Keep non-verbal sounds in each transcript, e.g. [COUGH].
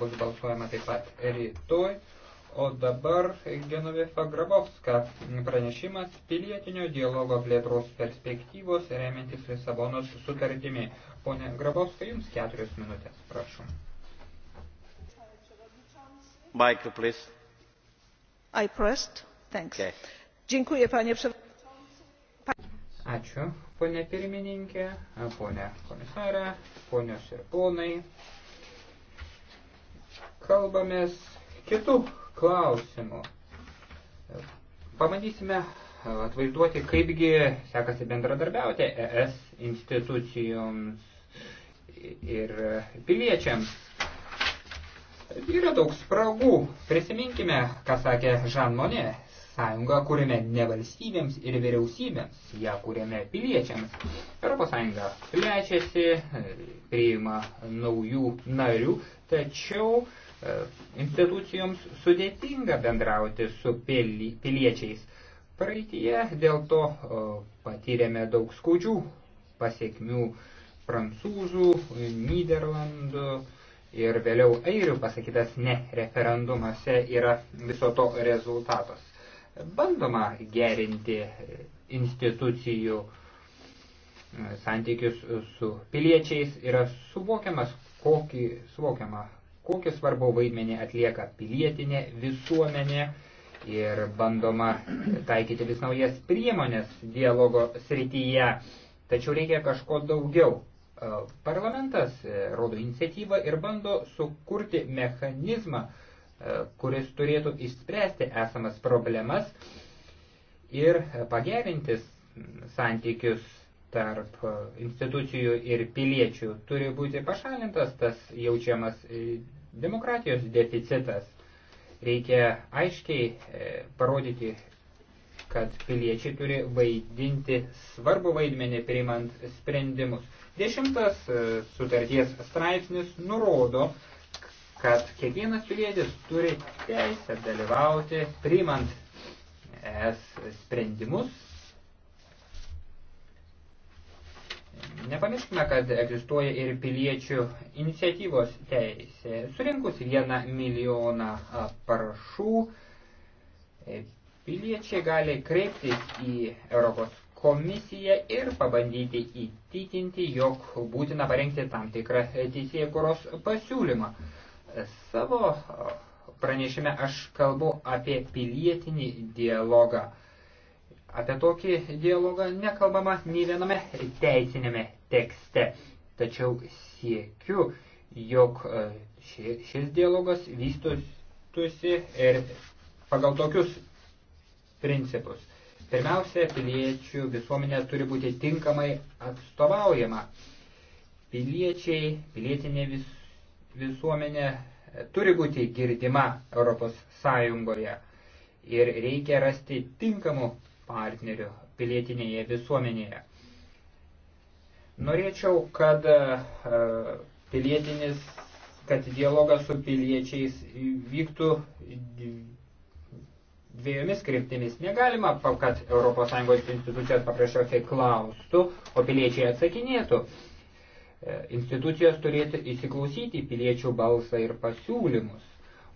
bus balsuojama taip pat rytoj. O dabar Genovefa Grabovska pranešimas pilietinio dialogo plėtros perspektyvos remiantis Lisabonos sutartimi. Pone Grabovska, jums keturios minutės, prašom. Micro, please. I pressed. Thanks. Okay. Dziękuję, panie przewodniczący. Ačiū, ponė pirmininkė, ponė komisarė, ponios ir ponai kalbamės kitų klausimų. Pamatysime atvaizduoti, kaipgi sekasi bendradarbiauti ES institucijoms ir piliečiams. Yra daug spragų. Prisiminkime, ką sakė Žan Monė Sąjungą kūrėme ne valstybėms ir vyriausybėms, ją kūrėme piliečiams. Europos Sąjunga plečiasi, priima naujų narių, tačiau e, institucijoms sudėtinga bendrauti su piliečiais. Praeitie dėl to e, patyrėme daug skaudžių pasiekmių prancūzų, Niderlandų, ir vėliau airių pasakytas ne referendumuose yra viso to rezultatas bandoma gerinti institucijų e, santykius su piliečiais, yra suvokiamas, kokį, suvokiama, kokį svarbų vaidmenį atlieka pilietinė visuomenė ir bandoma taikyti vis naujas priemonės dialogo srityje. Tačiau reikia kažko daugiau. E, Parlamentas e, rodo iniciatyvą ir bando sukurti mechanizmą, E, kuris turėtų išspręsti esamas problemas ir pagerinti santykius tarp e, institucijų ir piliečių. Turi būti pašalintas tas jaučiamas e, demokratijos deficitas. Reikia aiškiai parodyti, kad piliečiai turi vaidinti svarbu vaidmenį priimant sprendimus. Dešimtas sutarties straipsnis nurodo, kad kiekvienas pilietis turi teisę dalyvauti priimant es sprendimus. Nepamirškime, kad egzistuoja ir piliečių iniciatyvos teisė. Surinkus vieną milijoną parašų, piliečiai gali kreiptis į Europos komisiją ir pabandyti įtikinti, jog būtina parengti tam tikrą teisėjų kuros pasiūlymą savo pranešime aš kalbu apie pilietinį dialogą. Apie tokį dialogą nekalbama nei viename teisinėme tekste. Tačiau siekiu, jog e, šis dialogas vystusi ir pagal tokius principus. Pirmiausia, piliečių visuomenė turi būti tinkamai atstovaujama. Piliečiai, pilietinė visuomenė visuomenė turi būti girdima Europos Sąjungoje ir reikia rasti tinkamų partnerių pilietinėje visuomenėje. Norėčiau, kad e, pilietinis, kad dialogas su piliečiais vyktų dviejomis kryptimis. Negalima, kad ES institucijos paprasčiausiai klaustų, o piliečiai atsakinėtų. E, institucijos turėtų įsiklausyti piliečių balsą ir pasiūlymus.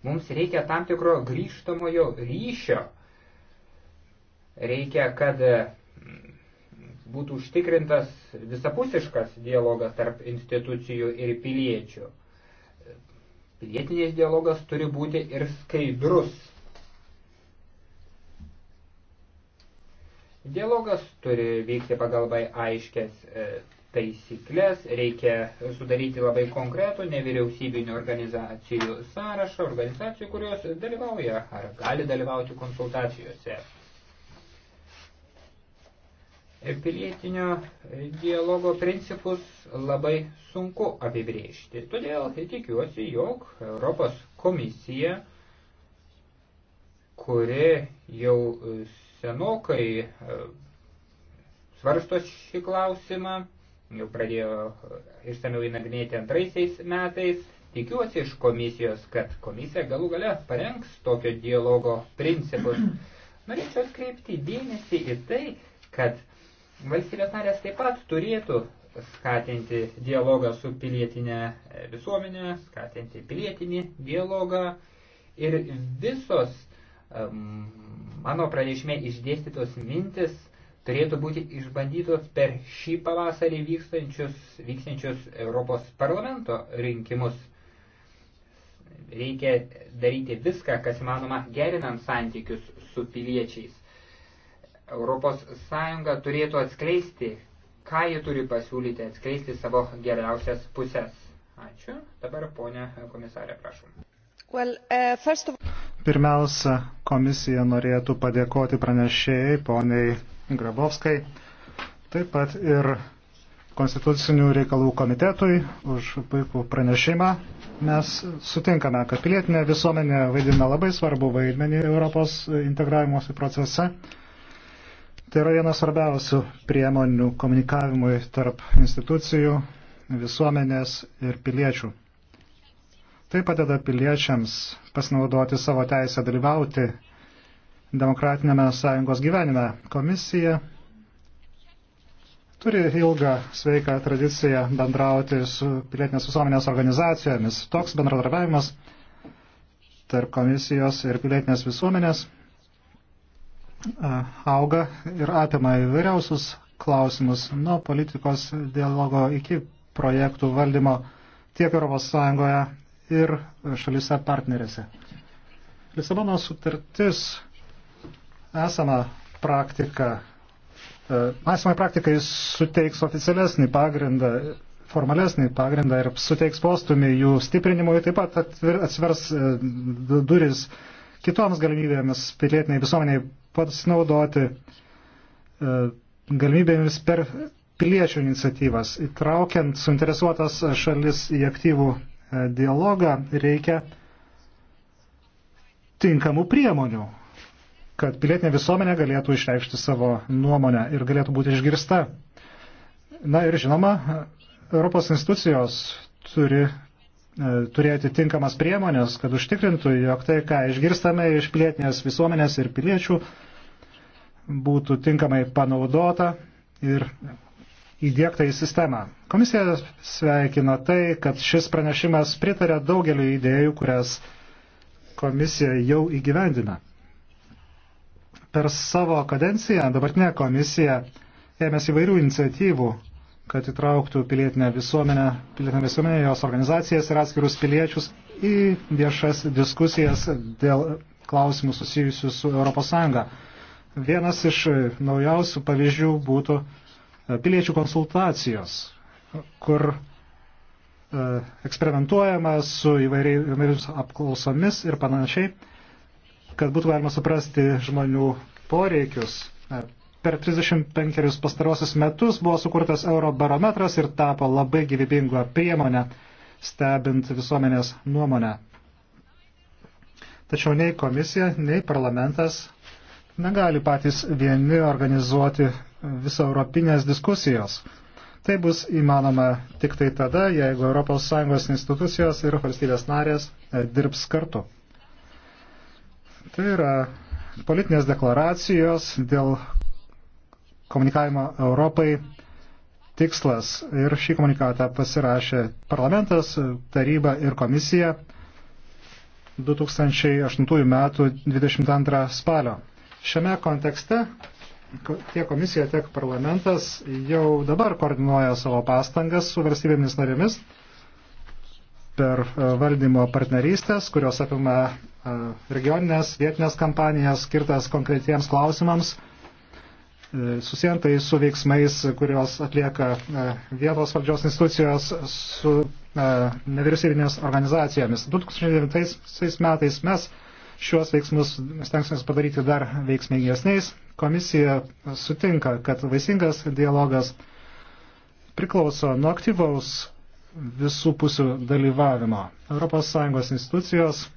Mums reikia tam tikro grįžtamojo ryšio. Reikia, kad e, būtų užtikrintas visapusiškas dialogas tarp institucijų ir piliečių. Pilietinis dialogas turi būti ir skaidrus. Dialogas turi vykti pagal aiškės e, taisyklės, reikia sudaryti labai konkretų nevyriausybinių organizacijų sąrašą, organizacijų, kurios dalyvauja ar gali dalyvauti konsultacijose. Pilietinio dialogo principus labai sunku apibrėžti. Todėl tikiuosi, jog Europos komisija, kuri jau senokai e, svarsto šį klausimą, jau pradėjo išsamiau įnagrinėti antraisiais metais. Tikiuosi iš komisijos, kad komisija galų gale parengs tokio dialogo principus. [CLEARS THROAT] Norėčiau atkreipti dėmesį į tai, kad valstybės narės taip pat turėtų skatinti dialogą su pilietinė visuomenė, skatinti pilietinį dialogą ir visos um, mano pranešime išdėstytos mintis turėtų būti išbandytos per šį pavasarį vykstančius, vykstančius Europos parlamento rinkimus. Reikia daryti viską, kas įmanoma, gerinant santykius su piliečiais. Europos Sąjunga turėtų atskleisti, ką ji turi pasiūlyti, atskleisti savo geriausias pusės. Ačiū. Dabar ponia komisarė, prašom. Well, uh, first of... Pirmiausia, komisija norėtų padėkoti pranešėjai, poniai Grabovskai, taip pat ir Konstitucinių reikalų komitetui už puikų pranešimą. Mes sutinkame, kad pilietinė visuomenė vaidina labai svarbu vaidmenį Europos integravimuose procese. Tai yra vienas svarbiausių priemonių komunikavimui tarp institucijų, visuomenės ir piliečių. Tai padeda piliečiams pasinaudoti savo teisę dalyvauti demokratinėme sąjungos gyvenime. Komisija turi ilgą sveiką tradiciją bendrauti su pilietinės visuomenės organizacijomis. Toks bendradarbiavimas tarp komisijos ir pilietinės visuomenės auga ir apima įvairiausius klausimus nuo politikos dialogo iki projektų valdymo tiek ES ir šalise partnerėse. Lisabono sutartis esamą praktiką, e, esamai praktikai suteiks oficialesnį pagrindą, formalesnį pagrindą ir suteiks postumį jų stiprinimui, taip pat atsvers e, duris kitoms galimybėmis pilietiniai visuomeniai pasinaudoti e, galimybėmis per piliečių iniciatyvas. Įtraukiant suinteresuotas šalis į aktyvų dialogą reikia tinkamų priemonių kad pilietinė visuomenė galėtų išreikšti savo nuomonę ir galėtų būti išgirsta. Na ir žinoma, Europos institucijos turi e, turėti tinkamas priemonės, kad užtikrintų, jog tai, ką išgirstame iš pilietinės visuomenės ir piliečių, būtų tinkamai panaudota ir įdėkta į sistemą. Komisija sveikina tai, kad šis pranešimas pritarė daugeliu idėjų, kurias komisija jau įgyvendina per savo kadenciją dabartinė komisija ėmėsi įvairių iniciatyvų, kad įtrauktų pilietinę visuomenę, pilietinę visuomenę, jos organizacijas ir atskirus piliečius į viešas diskusijas dėl klausimų susijusių su ES. Vienas iš naujausių pavyzdžių būtų e, piliečių konsultacijos, kur e, eksperimentuojama su įvairiais apklausomis ir panašiai kad būtų galima suprasti žmonių poreikius. Per 35 pastarosius metus buvo sukurtas eurobarometras ir tapo labai gyvybingo priemonę stebint visuomenės nuomonę. Tačiau nei komisija, nei parlamentas negali patys vieni organizuoti viso europinės diskusijos. Tai bus įmanoma tik tai tada, jeigu ES institucijos ir valstybės narės dirbs kartu. Tai yra politinės deklaracijos dėl komunikavimo Europai tikslas. Ir šį komunikatą pasirašė parlamentas, taryba ir komisija 2008 m. 22 spalio. Šiame kontekste tiek komisija, tiek parlamentas jau dabar koordinuoja savo pastangas su valstybėmis narėmis per e, valdymo partnerystės, kurios apima e, regioninės, vietinės kampanijas skirtas konkretiems klausimams, e, susientai su veiksmais, kurios atlieka vietos valdžios institucijos su nevyriausybinės organizacijomis. 2009 metais mes šiuos veiksmus stengsimės padaryti dar veiksmingesniais. Komisija sutinka, kad vaisingas dialogas priklauso nuo aktyvaus visų pusių dalyvavimo. ES institucijos,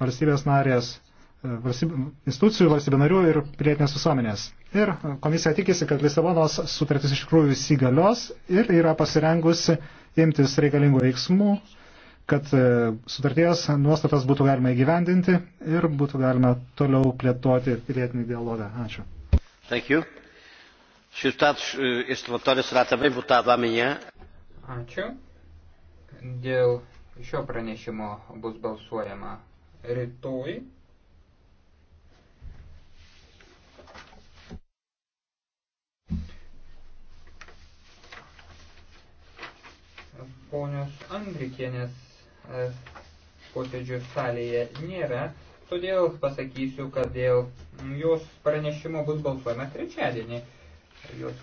valstybės narės, e, valstyb, institucijų, valstybė narių ir pilietinės visuomenės. Ir e, komisija tikisi, kad Lisabonos sutartis iš tikrųjų įsigalios ir yra pasirengusi imtis reikalingų veiksmų, kad e, sutarties nuostatas būtų galima įgyvendinti ir būtų galima toliau plėtoti pilietinį dialogą. Ačiū. Thank you. Ačiū. Dėl šio pranešimo bus balsuojama rytoj. Ponios Andrikienės e, posėdžių salėje nėra, todėl pasakysiu, kad dėl jos pranešimo bus balsuojama trečiadienį. Jos